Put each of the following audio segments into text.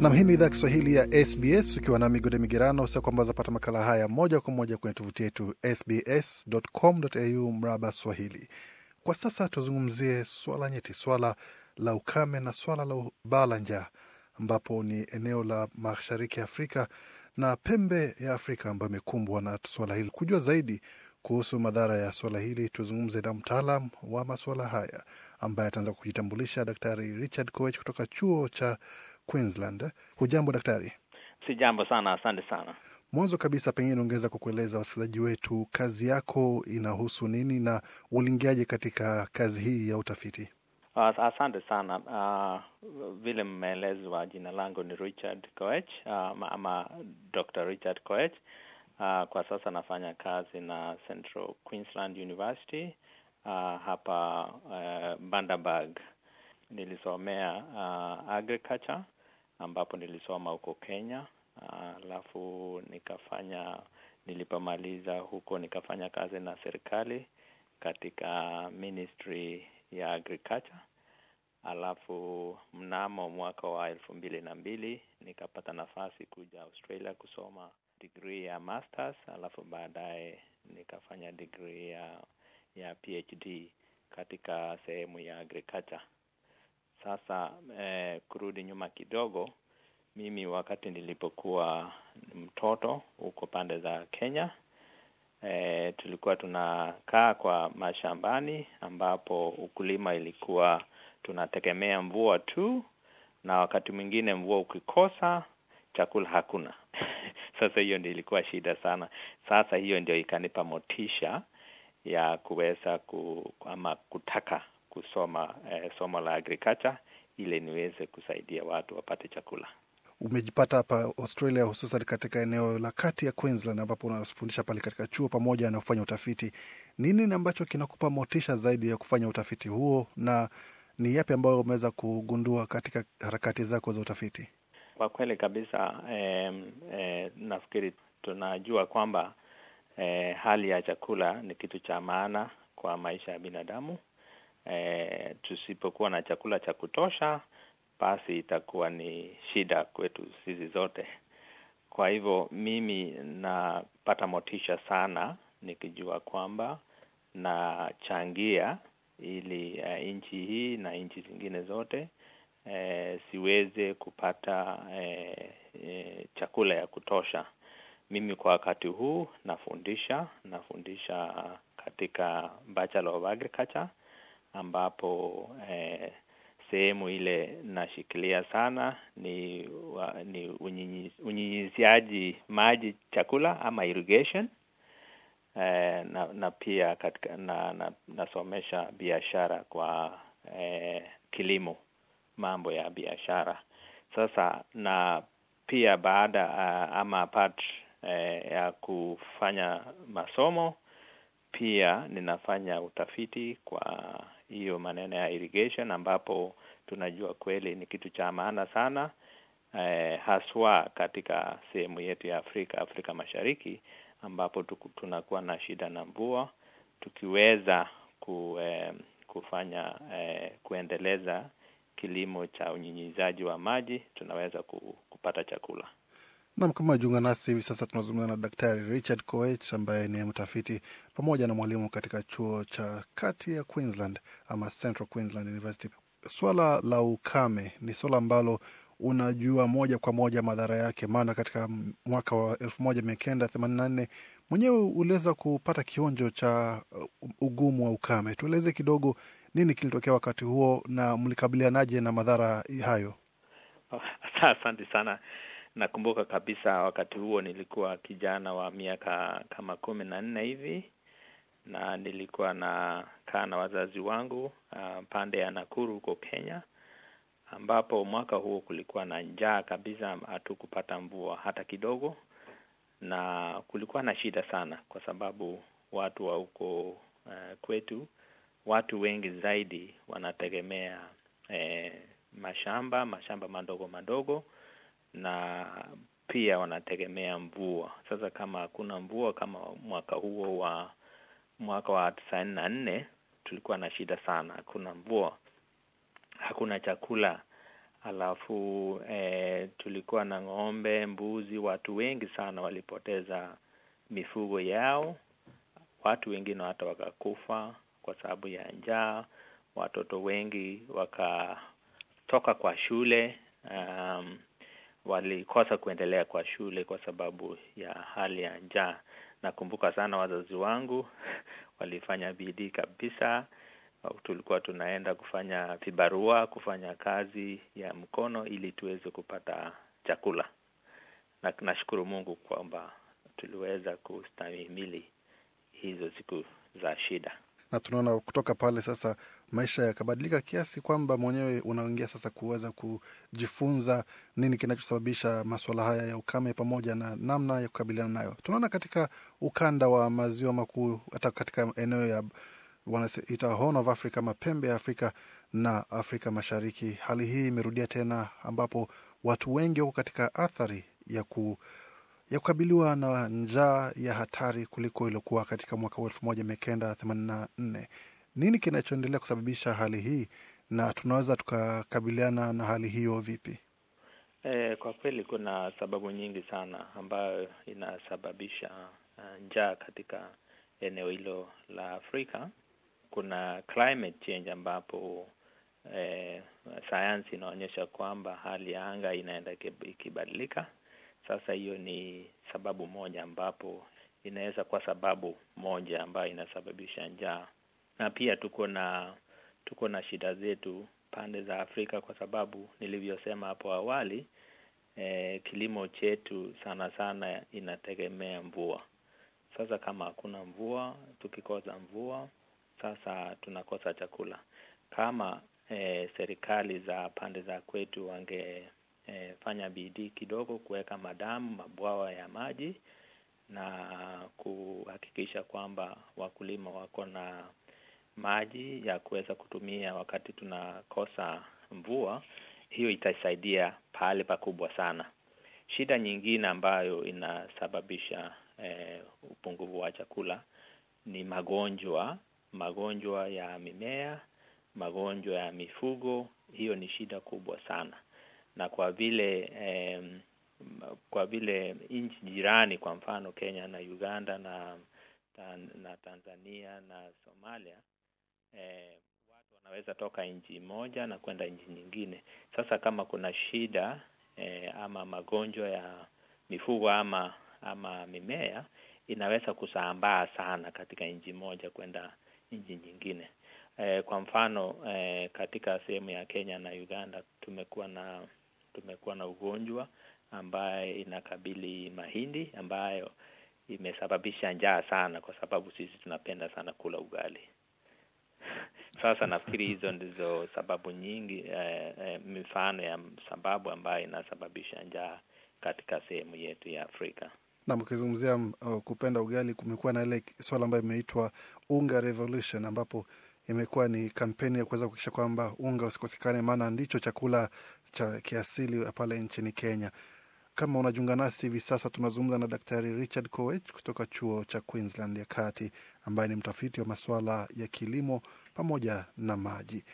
Nam, hii ni idhaa Kiswahili ya SBS ukiwa na migode migerano, usia kwamba wazapata makala haya moja kwa moja kwenye tovuti yetu sbs.com.au mraba Swahili. Kwa sasa tuzungumzie swala nyeti, swala la ukame na swala la baa la njaa, ambapo ni eneo la mashariki ya Afrika na pembe ya Afrika ambayo imekumbwa na swala hili. Kujua zaidi kuhusu madhara ya swala hili, tuzungumze na mtaalam wa maswala haya ambaye ataanza kujitambulisha, Daktari Richard Koech kutoka chuo cha Queensland. Hujambo daktari? Si jambo sana, asante sana. Mwanzo kabisa, pengine ungeweza kukueleza wasikilizaji wetu kazi yako inahusu nini na uliingiaje katika kazi hii ya utafiti? Asante sana. Uh, vile mmeelezwa, jina langu ni Richard Koech, uh, ama Dr. Richard Koech. Uh, kwa sasa nafanya kazi na Central Queensland University uh, hapa uh, Bundaberg. Nilisomea uh, agriculture ambapo nilisoma huko Kenya, alafu nikafanya nilipomaliza huko nikafanya kazi na serikali katika ministry ya agriculture. Alafu mnamo mwaka wa elfu mbili na mbili nikapata nafasi kuja Australia kusoma degree ya masters, alafu baadaye nikafanya degree ya ya PhD katika sehemu ya agriculture. Sasa eh, kurudi nyuma kidogo, mimi wakati nilipokuwa mtoto huko pande za Kenya eh, tulikuwa tunakaa kwa mashambani ambapo ukulima ilikuwa tunategemea mvua tu, na wakati mwingine mvua ukikosa chakula hakuna. Sasa hiyo ndio ilikuwa shida sana. Sasa hiyo ndio ikanipa motisha ya kuweza ku, ama kutaka kusoma eh, somo la agriculture ili niweze kusaidia watu wapate chakula. Umejipata hapa Australia, hususan katika eneo la kati ya Queensland ambapo unafundisha pale katika chuo pamoja na kufanya utafiti. Nini ambacho kinakupa motisha zaidi ya kufanya utafiti huo, na ni yapi ambayo umeweza kugundua katika harakati zako za utafiti? Kwa kweli kabisa, eh, eh, nafikiri tunajua kwamba eh, hali ya chakula ni kitu cha maana kwa maisha ya binadamu e, tusipokuwa na chakula cha kutosha, basi itakuwa ni shida kwetu sisi zote. Kwa hivyo mimi napata motisha sana nikijua kwamba nachangia ili uh, nchi hii na nchi zingine zote eh, siweze kupata eh, eh, chakula ya kutosha. Mimi kwa wakati huu nafundisha, nafundisha katika Bachelor of Agriculture ambapo eh, sehemu ile nashikilia sana ni wa, ni unyinyiziaji maji chakula ama irrigation eh, na, na pia katika, na, na, nasomesha biashara kwa eh, kilimo mambo ya biashara sasa na pia baada uh, ama apart uh, eh, ya kufanya masomo pia ninafanya utafiti kwa hiyo maneno ya irrigation, ambapo tunajua kweli ni kitu cha maana sana eh, haswa katika sehemu yetu ya Afrika, Afrika Mashariki, ambapo tunakuwa na shida na mvua. Tukiweza ku, eh, kufanya eh, kuendeleza kilimo cha unyinyizaji wa maji, tunaweza kupata chakula. Nam, kama jiunga nasi hivi sasa, tunazungumza na Daktari Richard Koech ambaye ni mtafiti pamoja na mwalimu katika chuo cha kati ya Queensland ama Central Queensland University. Swala la ukame ni swala ambalo unajua moja kwa moja madhara yake, maana katika mwaka wa nne mwenyewe uliweza kupata kionjo cha uh, ugumu wa ukame. Tueleze kidogo nini kilitokea wakati huo na mlikabilianaje na madhara hayo? Asante sana. Nakumbuka kabisa wakati huo nilikuwa kijana wa miaka kama kumi na nne hivi, na nilikuwa nakaa na wazazi wangu uh, pande ya Nakuru huko Kenya, ambapo mwaka huo kulikuwa na njaa kabisa, hatukupata mvua hata kidogo, na kulikuwa na shida sana, kwa sababu watu wa huko uh, kwetu, watu wengi zaidi wanategemea eh, mashamba mashamba madogo madogo na pia wanategemea mvua. Sasa kama hakuna mvua, kama mwaka huo wa mwaka wa tisaini na nne tulikuwa na shida sana, hakuna mvua, hakuna chakula. Alafu e, tulikuwa na ng'ombe, mbuzi. Watu wengi sana walipoteza mifugo yao, watu wengine hata wakakufa kwa sababu ya njaa. Watoto wengi wakatoka kwa shule um, walikosa kuendelea kwa shule kwa sababu ya hali ya njaa. Nakumbuka sana wazazi wangu walifanya bidii kabisa. Tulikuwa tunaenda kufanya vibarua, kufanya kazi ya mkono ili tuweze kupata chakula, na nashukuru Mungu kwamba tuliweza kustahimili hizo siku za shida na tunaona kutoka pale sasa maisha yakabadilika kiasi kwamba mwenyewe unaingia sasa kuweza kujifunza nini kinachosababisha maswala haya ya ukame pamoja na namna ya kukabiliana nayo. Tunaona katika ukanda wa maziwa makuu, hata katika eneo ya wanaita Horn of Africa, mapembe ya Afrika na Afrika Mashariki, hali hii imerudia tena, ambapo watu wengi wako katika athari ya ku ya kukabiliwa na njaa ya hatari kuliko iliokuwa katika mwaka wa 1984. Nini kinachoendelea kusababisha hali hii na tunaweza tukakabiliana na hali hiyo vipi? E, kwa kweli kuna sababu nyingi sana ambayo inasababisha eh, njaa katika eneo hilo la Afrika. Kuna climate change ambapo e, sayansi inaonyesha kwamba hali ya anga inaenda ikibadilika sasa hiyo ni sababu moja ambapo inaweza kuwa sababu moja ambayo inasababisha njaa, na pia tuko na tuko na shida zetu pande za Afrika kwa sababu nilivyosema hapo awali eh, kilimo chetu sana sana inategemea mvua. Sasa kama hakuna mvua, tukikosa mvua, sasa tunakosa chakula. Kama eh, serikali za pande za kwetu wange e, fanya bidii kidogo kuweka madamu, mabwawa ya maji na kuhakikisha kwamba wakulima wako na maji ya kuweza kutumia wakati tunakosa mvua. Hiyo itasaidia pahali pakubwa sana. Shida nyingine ambayo inasababisha e, upungufu wa chakula ni magonjwa, magonjwa ya mimea, magonjwa ya mifugo. Hiyo ni shida kubwa sana na kwa vile eh, kwa vile nchi jirani kwa mfano Kenya na Uganda na na Tanzania na Somalia eh, watu wanaweza toka nchi moja na kwenda nchi nyingine. Sasa kama kuna shida eh, ama magonjwa ya mifugo ama ama mimea inaweza kusambaa sana katika nchi moja kwenda nchi nyingine. Eh, kwa mfano eh, katika sehemu ya Kenya na Uganda tumekuwa na tumekuwa na ugonjwa ambaye inakabili mahindi ambayo imesababisha njaa sana, kwa sababu sisi tunapenda sana kula ugali. Sasa nafikiri hizo ndizo sababu nyingi, eh, eh, mifano ya sababu ambayo inasababisha njaa katika sehemu yetu ya Afrika. Nam, ukizungumzia uh, kupenda ugali, kumekuwa na ile swala ambayo imeitwa unga revolution ambapo imekuwa ni kampeni ya kuweza kuhakikisha kwamba unga usikosekane, maana ndicho chakula cha kiasili pale nchini Kenya. Kama unajiunga nasi hivi sasa, tunazungumza na Daktari Richard Koech kutoka chuo cha Queensland ya kati ambaye ni mtafiti wa masuala ya kilimo pamoja na maji.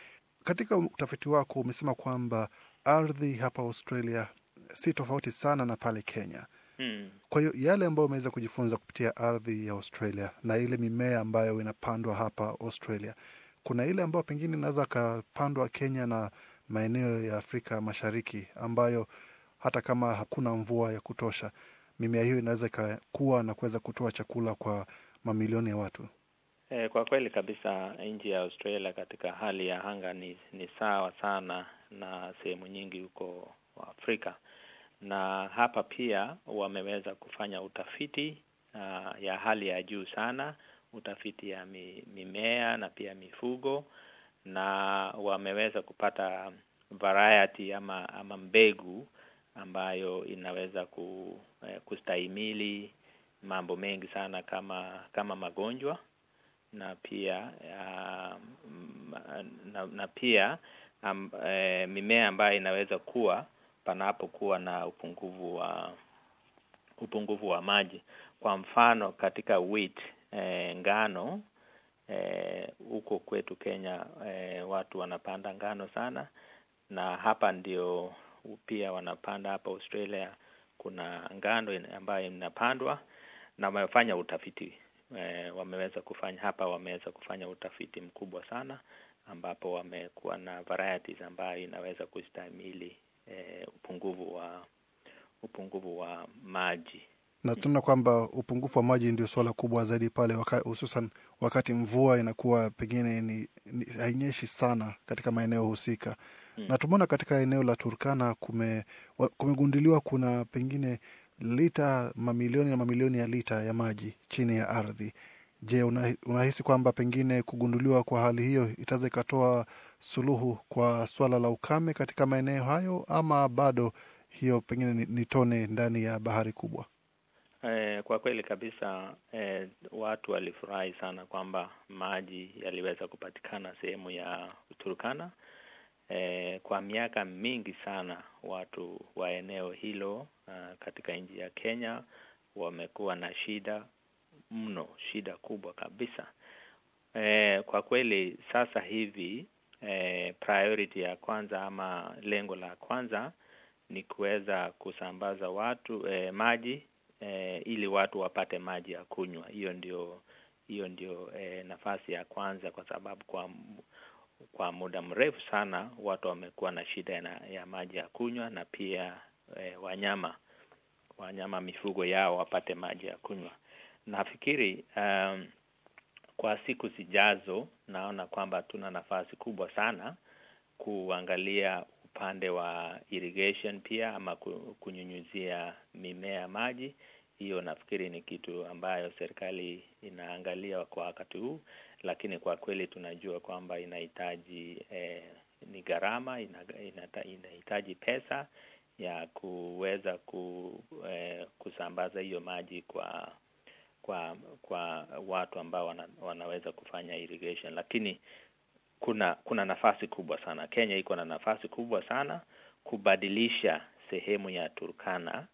Katika utafiti wako umesema kwamba ardhi hapa Australia si tofauti sana na pale Kenya. Hmm. Kwa hiyo yale ambayo umeweza kujifunza kupitia ardhi ya Australia na ile mimea ambayo inapandwa hapa Australia kuna ile ambayo pengine inaweza akapandwa Kenya na maeneo ya Afrika Mashariki ambayo hata kama hakuna mvua ya kutosha, mimea hiyo inaweza ikakua na kuweza kutoa chakula kwa mamilioni ya watu. E, kwa kweli kabisa nchi ya Australia katika hali ya anga ni, ni sawa sana na sehemu nyingi huko Afrika, na hapa pia wameweza kufanya utafiti uh, ya hali ya juu sana utafiti ya mimea na pia mifugo, na wameweza kupata variety ama ama mbegu ambayo inaweza eh, kustahimili mambo mengi sana kama kama magonjwa na pia ah, mm, na, na pia um, eh, mimea ambayo inaweza kuwa panapokuwa na upungufu wa upungufu wa maji. Kwa mfano katika wheat eh, ngano eh, huko eh, kwetu Kenya eh, watu wanapanda ngano sana, na hapa ndio pia wanapanda. Hapa Australia kuna ngano ambayo inapandwa na wamefanya utafiti eh, wameweza kufanya hapa, wameweza kufanya utafiti mkubwa sana, ambapo wamekuwa na varieties ambayo inaweza kustahimili eh, upungufu wa upungufu wa maji na tunaona kwamba upungufu wa maji ndio suala kubwa zaidi pale waka, hususan wakati mvua inakuwa pengine ni, ni, hainyeshi sana katika maeneo husika hmm. na tumeona katika eneo la Turkana kume, kumegunduliwa kuna pengine lita mamilioni na mamilioni ya lita ya maji chini ya ardhi. Je, una, unahisi kwamba pengine kugunduliwa kwa hali hiyo itaweza ikatoa suluhu kwa swala la ukame katika maeneo hayo ama bado hiyo pengine ni, ni tone ndani ya bahari kubwa? Eh, kwa kweli kabisa eh, watu walifurahi sana kwamba maji yaliweza kupatikana sehemu ya Turkana. Eh, kwa miaka mingi sana watu wa eneo hilo uh, katika nchi ya Kenya wamekuwa na shida mno, shida kubwa kabisa. Eh, kwa kweli sasa hivi eh, priority ya kwanza ama lengo la kwanza ni kuweza kusambaza watu eh, maji eh, ili watu wapate maji ya kunywa. Hiyo ndio hiyo ndio eh, nafasi ya kwanza, kwa sababu kwa kwa muda mrefu sana watu wamekuwa na shida ya, ya maji ya kunywa na pia eh, wanyama wanyama mifugo yao wapate maji ya kunywa. Nafikiri um, kwa siku zijazo naona kwamba tuna nafasi kubwa sana kuangalia upande wa irrigation pia ama kunyunyuzia mimea maji. Hiyo nafikiri ni kitu ambayo serikali inaangalia kwa wakati huu, lakini kwa kweli tunajua kwamba inahitaji eh, ni gharama, inahitaji pesa ya kuweza ku, eh, kusambaza hiyo maji kwa kwa kwa watu ambao wana, wanaweza kufanya irrigation, lakini kuna kuna nafasi kubwa sana. Kenya iko na nafasi kubwa sana kubadilisha sehemu ya Turkana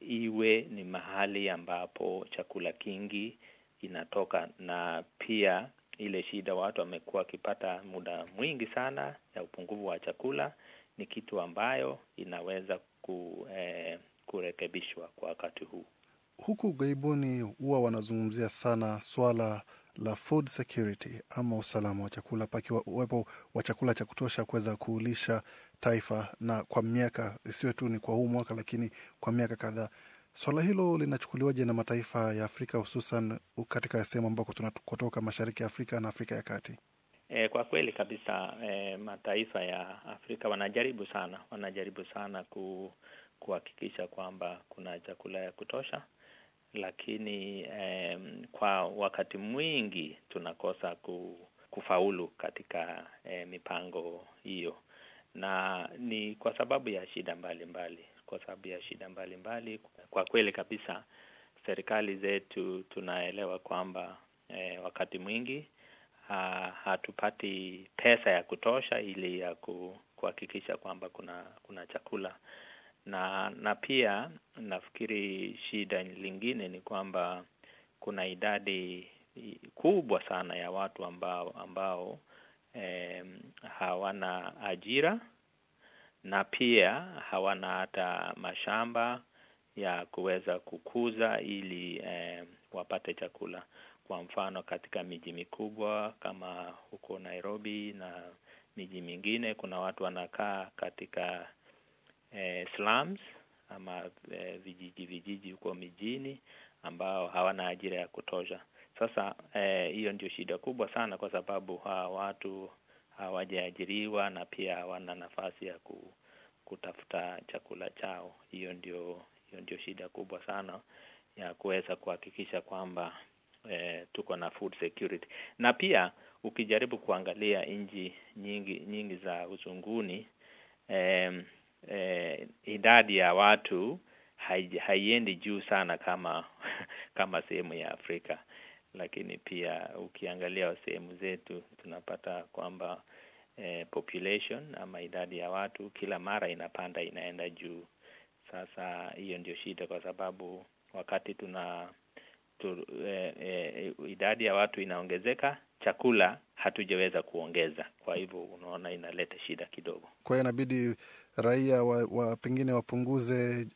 iwe ni mahali ambapo chakula kingi inatoka, na pia ile shida watu wamekuwa wakipata muda mwingi sana ya upungufu wa chakula ni kitu ambayo inaweza ku, eh, kurekebishwa kwa wakati huu. Huku ughaibuni huwa wanazungumzia sana swala la food security ama usalama wa chakula, pakiwa uwepo wa chakula cha kutosha kuweza kuulisha taifa na kwa miaka isiwe tu ni kwa huu mwaka, lakini kwa miaka kadhaa. Swala hilo linachukuliwaje na mataifa ya Afrika hususan katika sehemu ambako tunakotoka, mashariki ya Afrika na Afrika ya Kati? E, kwa kweli kabisa e, mataifa ya Afrika wanajaribu sana, wanajaribu sana ku, kuhakikisha kwamba kuna chakula ya kutosha lakini eh, kwa wakati mwingi tunakosa ku, kufaulu katika eh, mipango hiyo, na ni kwa sababu ya shida mbalimbali mbali. Kwa sababu ya shida mbalimbali mbali. Kwa kweli kabisa serikali zetu tunaelewa kwamba eh, wakati mwingi ha, hatupati pesa ya kutosha ili ya kuhakikisha kwamba kuna kuna chakula na na pia nafikiri shida lingine ni kwamba kuna idadi kubwa sana ya watu ambao ambao eh, hawana ajira na pia hawana hata mashamba ya kuweza kukuza ili eh, wapate chakula. Kwa mfano, katika miji mikubwa kama huko Nairobi na miji mingine, kuna watu wanakaa katika eh, slums ama eh, vijiji vijiji huko mijini ambao hawana ajira ya kutosha. Sasa eh, hiyo eh, ndio shida kubwa sana, kwa sababu hawa watu hawajaajiriwa na pia hawana nafasi ya ku, kutafuta chakula chao. Hiyo ndio hiyo ndio shida kubwa sana ya kuweza kuhakikisha kwamba eh, tuko na food security. Na pia ukijaribu kuangalia nchi nyingi nyingi za uzunguni eh, eh, idadi ya watu haiendi juu sana kama kama sehemu ya Afrika, lakini pia ukiangalia sehemu zetu tunapata kwamba eh, population ama idadi ya watu kila mara inapanda inaenda juu. Sasa hiyo ndio shida, kwa sababu wakati tuna tu, eh, eh, idadi ya watu inaongezeka, chakula hatujaweza kuongeza. Kwa hivyo unaona, inaleta shida kidogo. Kwa hiyo inabidi raia wa, wa pengine wapunguze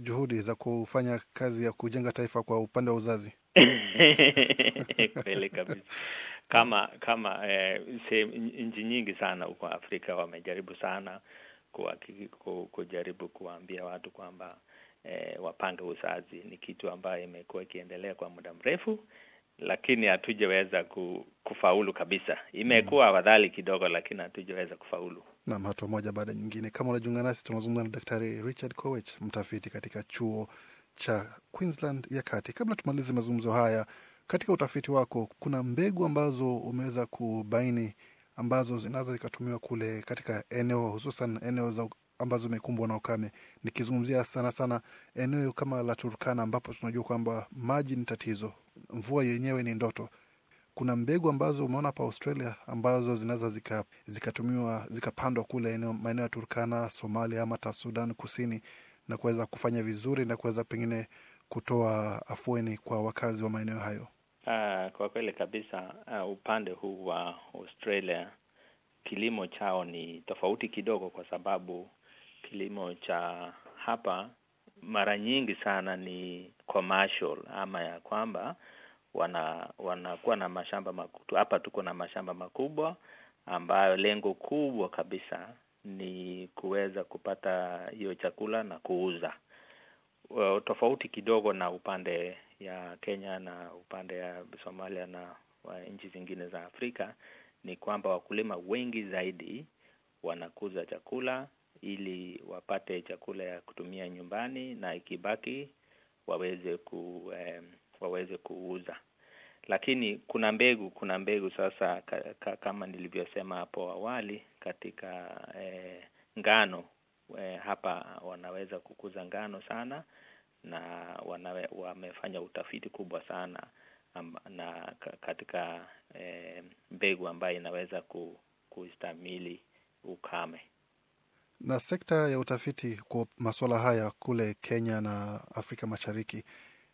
juhudi za kufanya kazi ya kujenga taifa kwa upande wa uzazi kweli kabisa. Kama kama eh, nchi nyingi sana huko Afrika wamejaribu sana kujaribu kuwaambia watu kwamba eh, wapange uzazi ni kitu ambayo imekuwa ikiendelea kwa muda mrefu lakini hatujaweza kufaulu kabisa. Imekuwa mm. afadhali kidogo, lakini hatujaweza kufaulu. Nam, hatua moja baada nyingine. Kama unajiunga nasi, tunazungumza na Daktari Richard Cowech, mtafiti katika chuo cha Queensland ya kati. Kabla tumalize mazungumzo haya, katika utafiti wako kuna mbegu ambazo umeweza kubaini ambazo zinaweza zikatumiwa kule katika eneo hususan eneo za ambazo imekumbwa na ukame, nikizungumzia sana sana eneo kama la Turkana ambapo tunajua kwamba maji ni tatizo, mvua yenyewe ni ndoto. Kuna mbegu ambazo umeona hapa Australia ambazo zinaweza zikatumiwa zika zikapandwa kule maeneo ya Turkana, Somalia ama hata Sudan Kusini na kuweza kufanya vizuri na kuweza pengine kutoa afueni kwa wakazi wa maeneo hayo. Uh, kwa kweli kabisa uh, upande huu wa Australia kilimo chao ni tofauti kidogo, kwa sababu kilimo cha hapa mara nyingi sana ni commercial, ama ya kwamba wana wanakuwa na mashamba makubwa. Hapa tuko na mashamba makubwa ambayo lengo kubwa kabisa ni kuweza kupata hiyo chakula na kuuza. Tofauti kidogo na upande ya Kenya na upande ya Somalia na nchi zingine za Afrika ni kwamba wakulima wengi zaidi wanakuza chakula ili wapate chakula ya kutumia nyumbani na ikibaki waweze ku, eh, waweze kuuza. Lakini kuna mbegu, kuna mbegu sasa ka, ka, kama nilivyosema hapo awali katika eh, ngano eh, hapa wanaweza kukuza ngano sana na wanawe, wamefanya utafiti kubwa sana na katika eh, mbegu ambayo inaweza ku, kustamili ukame. Na sekta ya utafiti kwa masuala haya kule Kenya na Afrika Mashariki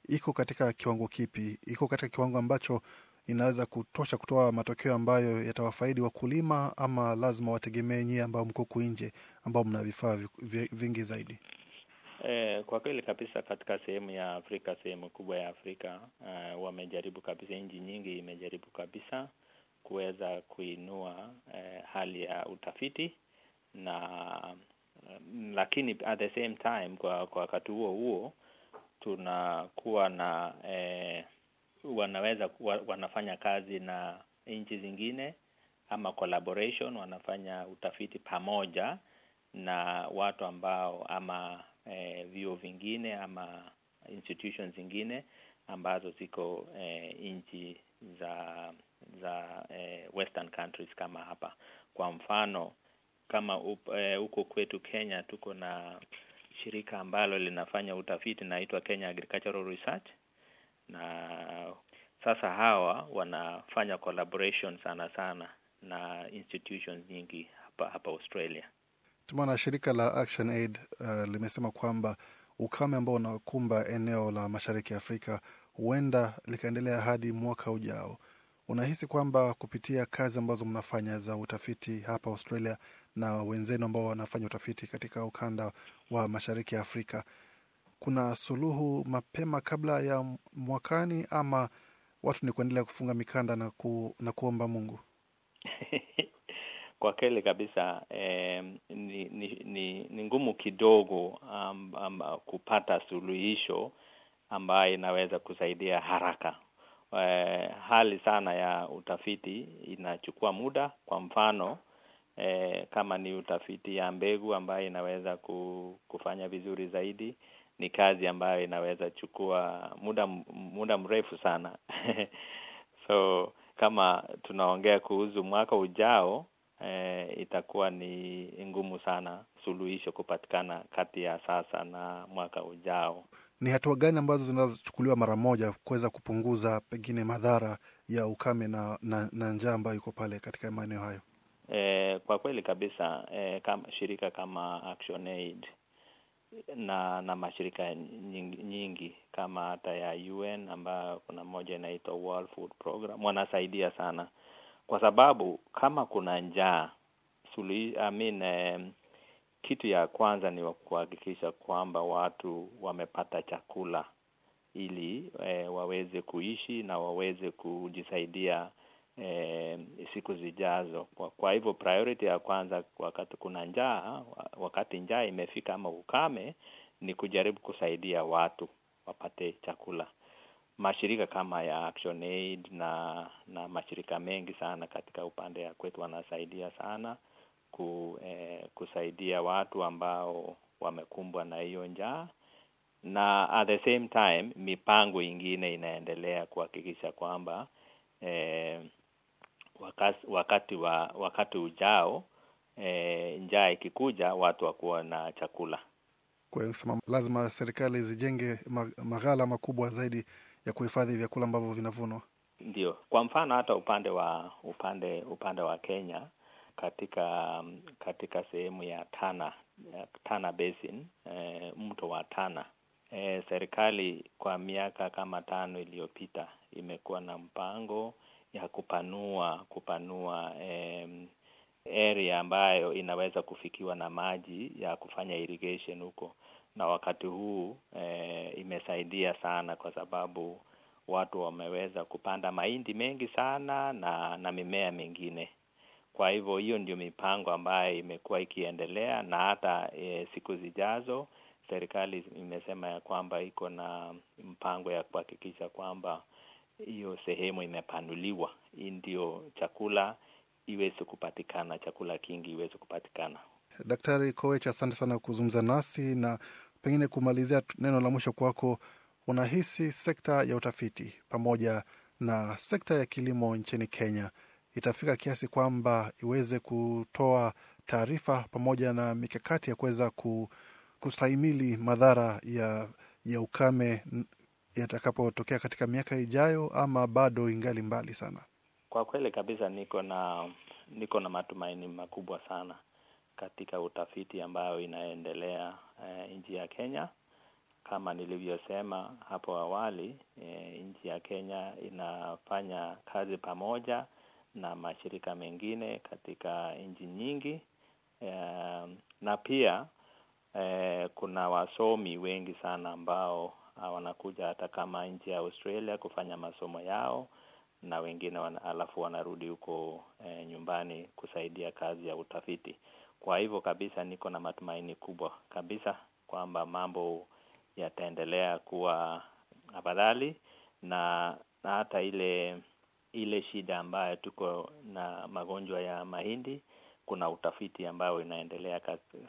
iko katika kiwango kipi? Iko katika kiwango ambacho inaweza kutosha kutoa matokeo ambayo yatawafaidi wakulima, ama lazima wategemee nyie ambao mko huku nje ambao mna vifaa vingi zaidi? Eh, kwa kweli kabisa katika sehemu ya Afrika, sehemu kubwa ya Afrika uh, wamejaribu kabisa, nchi nyingi imejaribu kabisa kuweza kuinua uh, hali ya utafiti na lakini at the same time kwa kwa wakati huo huo tunakuwa na eh, wanaweza wanafanya kazi na nchi zingine ama collaboration, wanafanya utafiti pamoja na watu ambao ama eh, vyuo vingine ama institutions zingine ambazo ziko eh, nchi za za eh, western countries kama hapa, kwa mfano kama eh, huko uh, kwetu Kenya tuko na shirika ambalo linafanya utafiti naitwa Kenya Agricultural Research, na sasa hawa wanafanya collaboration sana sana na institutions nyingi hapa hapa Australia. Tumeona shirika la Action Aid uh, limesema kwamba ukame ambao unakumba eneo la mashariki ya Afrika huenda likaendelea hadi mwaka ujao. Unahisi kwamba kupitia kazi ambazo mnafanya za utafiti hapa Australia na wenzenu ambao wanafanya utafiti katika ukanda wa mashariki ya Afrika, kuna suluhu mapema kabla ya mwakani, ama watu ni kuendelea kufunga mikanda na, ku, na kuomba Mungu? Kwa kweli kabisa eh, ni, ni, ni, ni ngumu kidogo um, um, kupata suluhisho ambayo inaweza kusaidia haraka eh, hali sana ya utafiti inachukua muda. Kwa mfano eh, kama ni utafiti ya mbegu ambayo inaweza kufanya vizuri zaidi, ni kazi ambayo inaweza chukua muda muda mrefu sana so kama tunaongea kuhusu mwaka ujao eh, itakuwa ni ngumu sana suluhisho kupatikana kati ya sasa na mwaka ujao ni hatua gani ambazo zinazochukuliwa mara moja kuweza kupunguza pengine madhara ya ukame na, na, na njaa ambayo iko pale katika maeneo hayo? E, kwa kweli kabisa e, kama shirika kama aid na na mashirika nyingi, nyingi kama hata ya UN ambayo kuna moja inaitwa World Food Program wanasaidia sana, kwa sababu kama kuna njaa I mean, eh, kitu ya kwanza ni kuhakikisha kwamba watu wamepata chakula ili e, waweze kuishi na waweze kujisaidia e, siku zijazo. Kwa, kwa hivyo priority ya kwanza wakati kuna njaa, wakati njaa imefika ama ukame, ni kujaribu kusaidia watu wapate chakula. Mashirika kama ya na na mashirika mengi sana katika upande ya kwetu wanasaidia sana ku, eh, kusaidia watu ambao wamekumbwa na hiyo njaa, na at the same time mipango ingine inaendelea kuhakikisha kwamba eh, wakati, wakati wa wakati ujao eh, njaa ikikuja watu wakuwa na chakula. Kwa lazima serikali zijenge maghala makubwa zaidi ya kuhifadhi vyakula ambavyo vinavunwa. Ndio, kwa mfano hata upande wa upande upande wa Kenya katika katika sehemu ya Tana Tana Basin, e, mto wa Tana. E, serikali kwa miaka kama tano iliyopita imekuwa na mpango ya kupanua kupanua e, area ambayo inaweza kufikiwa na maji ya kufanya irrigation huko, na wakati huu e, imesaidia sana kwa sababu watu wameweza kupanda mahindi mengi sana na na mimea mingine kwa hivyo hiyo ndio mipango ambayo imekuwa ikiendelea, na hata e, siku zijazo serikali imesema ya kwamba iko na mpango ya kuhakikisha kwamba hiyo sehemu imepanuliwa, hii ndio chakula iweze kupatikana, chakula kingi iweze kupatikana. Daktari Koech, asante sana kuzungumza nasi, na pengine kumalizia neno la mwisho kwako, unahisi sekta ya utafiti pamoja na sekta ya kilimo nchini Kenya itafika kiasi kwamba iweze kutoa taarifa pamoja na mikakati ya kuweza kustahimili madhara ya, ya ukame yatakapotokea katika miaka ijayo ama bado ingali mbali sana? Kwa kweli kabisa, niko na niko na matumaini makubwa sana katika utafiti ambayo inaendelea eh, nchi ya Kenya. Kama nilivyosema hapo awali, eh, nchi ya Kenya inafanya kazi pamoja na mashirika mengine katika nchi nyingi eh, na pia eh, kuna wasomi wengi sana ambao ah, wanakuja hata kama nchi ya Australia kufanya masomo yao na wengine wana, alafu wanarudi huko eh, nyumbani kusaidia kazi ya utafiti. Kwa hivyo kabisa, niko na matumaini kubwa kabisa kwamba mambo yataendelea kuwa afadhali na, na hata ile ile shida ambayo tuko na magonjwa ya mahindi. Kuna utafiti ambayo inaendelea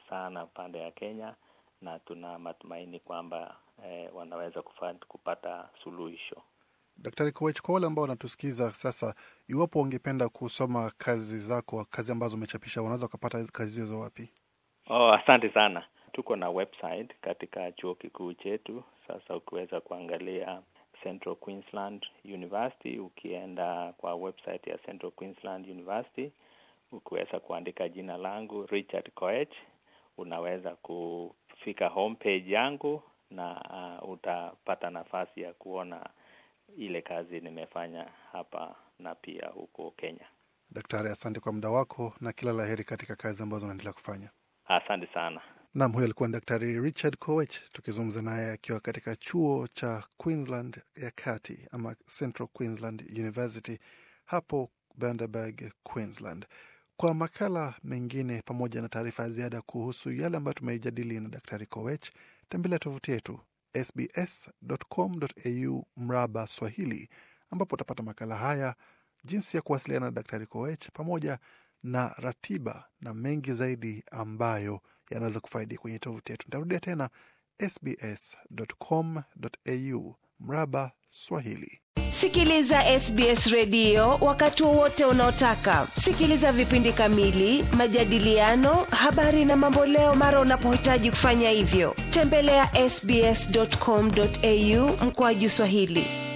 sana pande ya Kenya, na tuna matumaini kwamba eh, wanaweza kupata suluhisho. Daktari kwa wale ambao wanatusikiza sasa, iwapo wangependa kusoma kazi zako, kazi ambazo umechapisha, wanaweza wakapata kazi hizo wapi? Oh, asante sana. Tuko na website katika chuo kikuu chetu. Sasa ukiweza kuangalia Central Queensland University. Ukienda kwa website ya Central Queensland University, ukiweza kuandika jina langu Richard Koech, unaweza kufika homepage yangu na uh, utapata nafasi ya kuona ile kazi nimefanya hapa na pia huko Kenya. Daktari, asante kwa muda wako na kila laheri katika kazi ambazo unaendelea kufanya. Asante sana. Nam, huyo alikuwa ni Daktari Richard Cowech tukizungumza naye akiwa katika chuo cha Queensland ya kati ama Central Queensland University hapo Bundaberg, Queensland. Kwa makala mengine pamoja na taarifa ya ziada kuhusu yale ambayo tumejadili na Daktari Cowech, tembelea tovuti yetu sbs.com.au mraba Swahili, ambapo utapata makala haya, jinsi ya kuwasiliana na Daktari Cowech pamoja na ratiba na mengi zaidi ambayo yanaweza kufaidi kwenye tovuti yetu. Nitarudia tena sbs.com.au mraba Swahili. Sikiliza SBS redio wakati wowote unaotaka. Sikiliza vipindi kamili, majadiliano, habari na mambo leo mara unapohitaji kufanya hivyo. Tembelea ya sbs.com.au mkoaju Swahili.